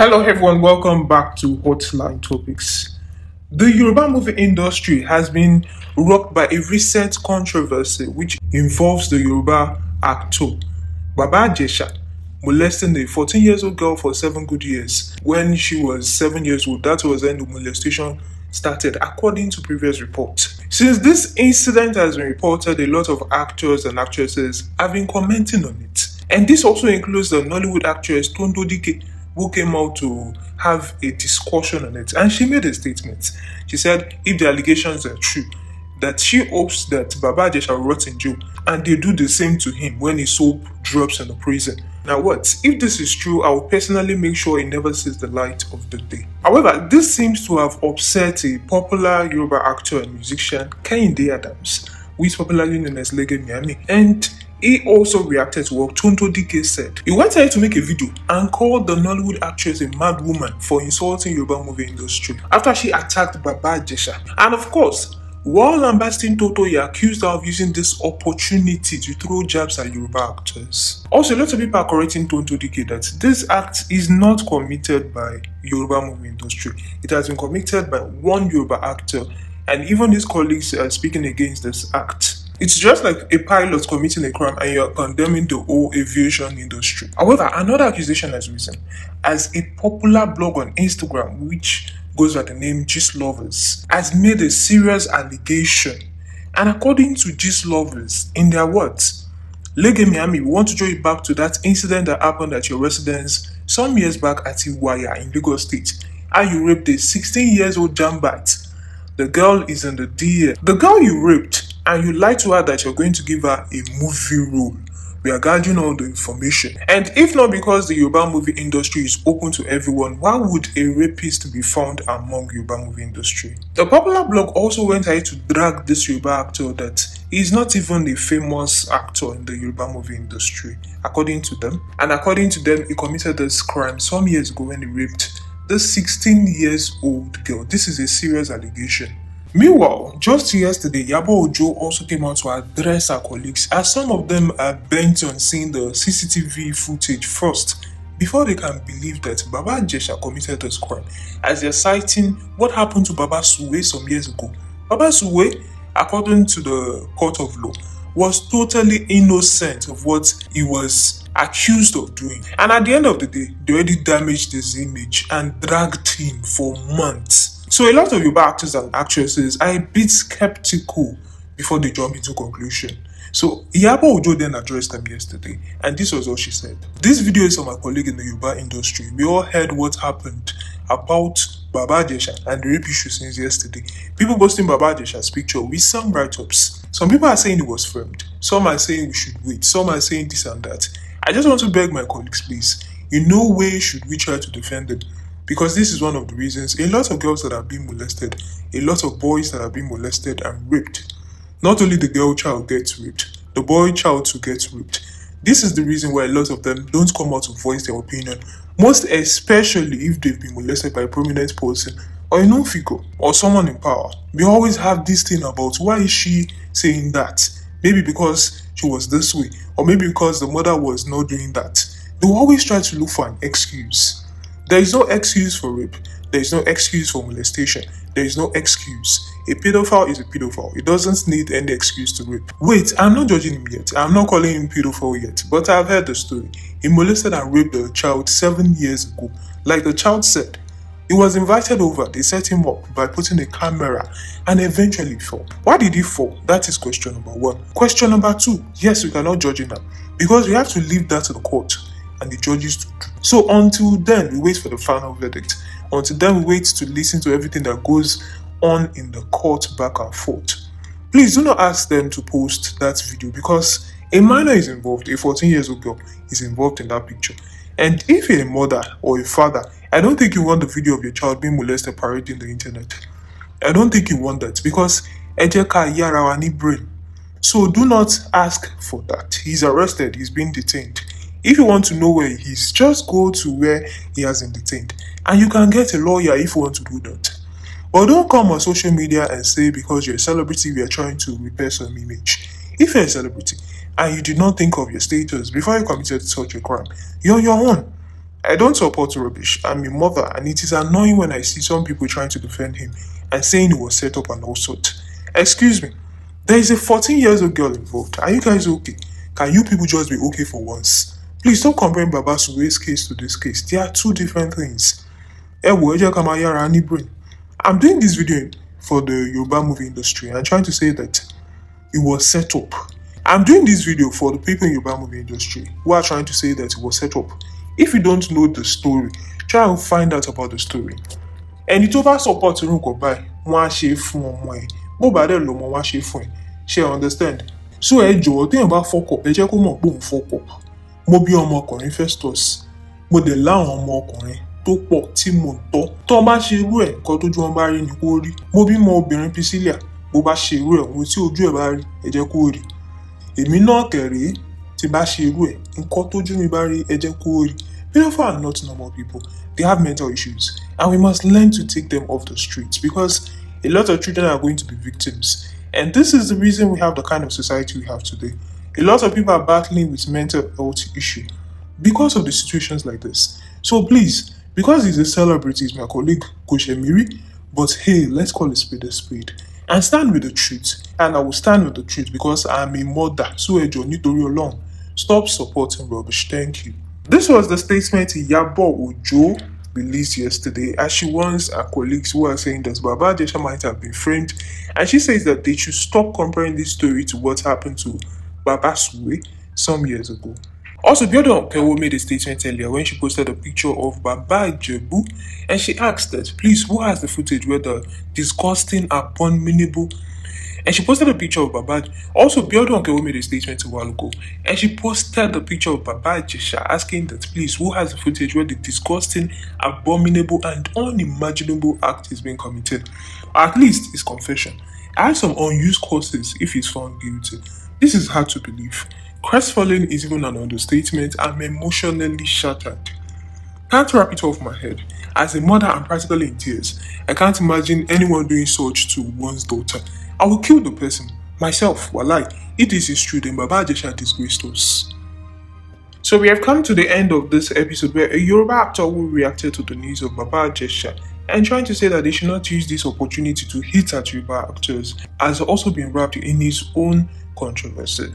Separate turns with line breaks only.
Hello everyone, welcome back to Hotline Topics. The Yoruba movie industry has been rocked by a recent controversy which involves the Yoruba actor Baba Jesha molesting a 14 years old girl for 7 good years when she was 7 years old. That was when the molestation started, according to previous reports. Since this incident has been reported, a lot of actors and actresses have been commenting on it. And this also includes the Nollywood actress Tondo Dike, who came out to have a discussion on it. And she made a statement. She said, if the allegations are true, that she hopes that Baba Ajesha will rot in jail and they do the same to him when his soap drops in the prison. Now, what? If this is true, I will personally make sure he never sees the light of the day. However, this seems to have upset a popular Yoruba actor and musician, Kehinde Adams, who is popularly known as Lege Miami. And he also reacted to what Tonto DK said. He went ahead to make a video and called the Nollywood actress a mad woman for insulting Yoruba movie industry after she attacked Baba Jesha. And of course, while lambasting Toto, he accused her of using this opportunity to throw jabs at Yoruba actors. Also, lots of people are correcting Tonto Dike that this act is not committed by Yoruba movie industry. It has been committed by one Yoruba actor, and even his colleagues are speaking against this act. It's just like a pilot committing a crime and you're condemning the whole aviation industry. However, another accusation has risen as a popular blog on Instagram, which goes by the name Gist Lovers, has made a serious allegation. And according to Gist Lovers, in their words, Lege Miami, we want to draw you back to that incident that happened at your residence some years back at Iwaya in Lagos State, how you raped a 16 years old jambat. The girl is in the DA. The girl you raped and you lie to her that you're going to give her a movie role. We are gathering all the information. And if not because the Yoruba movie industry is open to everyone, why would a rapist be found among Yoruba movie industry? The popular blog also went ahead to drag this Yoruba actor that is not even a famous actor in the Yoruba movie industry, according to them. And according to them, he committed this crime some years ago when he raped the 16 years old girl. This is a serious allegation. Meanwhile, just yesterday, Yabo Ojo also came out to address her colleagues as some of them are bent on seeing the CCTV footage first before they can believe that Baba Jesha committed this crime as they're citing what happened to Baba Suwe some years ago. Baba Suwe, according to the court of law, was totally innocent of what he was accused of doing. And at the end of the day, they already damaged his image and dragged him for months so a lot of Yoruba actors and actresses are a bit skeptical before they jump into conclusion. So Iyabo Ojo then addressed them yesterday, and this was what she said. This video is from my colleague in the Yoruba industry. We all heard what happened about Baba Jesha and the rape issue since yesterday. People posting Baba Jesha's picture with some write-ups. Some people are saying it was framed. Some are saying we should wait. Some are saying this and that. I just want to beg my colleagues, please. In no way should we try to defend it because this is one of the reasons a lot of girls that are being molested, a lot of boys that are being molested and raped, not only the girl child gets raped, the boy child too gets raped. This is the reason why a lot of them don't come out to voice their opinion, most especially if they've been molested by a prominent person or a known figure or someone in power. We always have this thing about why is she saying that? Maybe because she was this way, or maybe because the mother was not doing that. They always try to look for an excuse. There is no excuse for rape. There is no excuse for molestation. There is no excuse. A pedophile is a pedophile. It doesn't need any excuse to rape. Wait, I'm not judging him yet. I'm not calling him pedophile yet. But I've heard the story. He molested and raped a child seven years ago. Like the child said, he was invited over. They set him up by putting a camera and eventually fell. Why did he fall? That is question number one. Question number two. Yes, we cannot judge him now because we have to leave that to the court and the judges to so until then, we wait for the final verdict. Until then, we wait to listen to everything that goes on in the court back and forth. Please do not ask them to post that video because a minor is involved, a 14 years old girl is involved in that picture. And if you're a mother or a father, I don't think you want the video of your child being molested parading the internet. I don't think you want that because Ejeka Yarawani brain. So do not ask for that. He's arrested, he's being detained. If you want to know where he is, just go to where he has been detained. And you can get a lawyer if you want to do that. But don't come on social media and say because you're a celebrity, we are trying to repair some image. If you're a celebrity and you did not think of your status before you committed such a crime, you're your own. I don't support rubbish. I'm a mother, and it is annoying when I see some people trying to defend him and saying he was set up and all sort. Excuse me, there is a 14 years old girl involved. Are you guys okay? Can you people just be okay for once? please don't compare baba case to this case they are two different things brain i'm doing this video for the yoruba movie industry i'm trying to say that it was set up i'm doing this video for the people in yoruba movie industry who are trying to say that it was set up if you don't know the story try and find out about the story And it over support irun kò báyìí wọn á ṣe é fún ọmọ ẹ bó understand so ẹ jọ̀ọ́ about fuck up. ẹ jẹ́ kó mọ̀ pé mo bí ọmọ ọkùnrin Festus mo dẹ̀ láwọn ọmọ ọkùnrin tó pọ̀ tí mò ń tọ́ tó bá ṣe irú ẹ̀ kọ́ tójú wọn bá rí ni kó rí mo bímọ obìnrin Priscilla bó bá ṣe irú ẹ̀ ohun tí ojú ẹ̀ bá rí ẹ kó rí èmi náà kẹ̀rẹ́ tí bá ṣe irú ẹ̀ nǹkan tójú mi bá rí ẹ kó rí Pedophiles are not normal people. They have mental issues, and we must learn to take them off the streets because a lot of children are going to be victims. And this is the reason we have the kind of society we have today. A lot of people are battling with mental health issue because of the situations like this. So please, because he's a celebrity, he's my colleague Miri, but hey, let's call it spade a spade. And stand with the truth. And I will stand with the truth because I'm a mother. So Ejo Nitori alone. Stop supporting rubbish. Thank you. This was the statement Yabo Ojo released yesterday as she warns her colleagues who are saying that Baba Desha might have been framed and she says that they should stop comparing this story to what happened to some years ago. Also, Biodo Pewo made a statement earlier when she posted a picture of Baba Jebu and she asked us, please, who has the footage where the disgusting, abominable and she posted a picture of Babaji. Also, Biodo Onkewo made a statement a while ago, and she posted the picture of Babaji Shah asking that please, who has the footage where the disgusting, abominable, and unimaginable act is being committed? Or at least his confession. I have some unused courses if he's found guilty. This is hard to believe. Crestfallen is even an understatement. I'm emotionally shattered. Can't wrap it off my head. As a mother, I'm practically in tears. I can't imagine anyone doing such to one's daughter. I will kill the person. Myself, wallahi. If this is true, then Baba Ajesha disgraced us. So we have come to the end of this episode where a Yoruba actor who reacted to the news of Baba Ajesha and trying to say that they should not use this opportunity to hit at Yoruba actors has also been wrapped in his own 关注的是。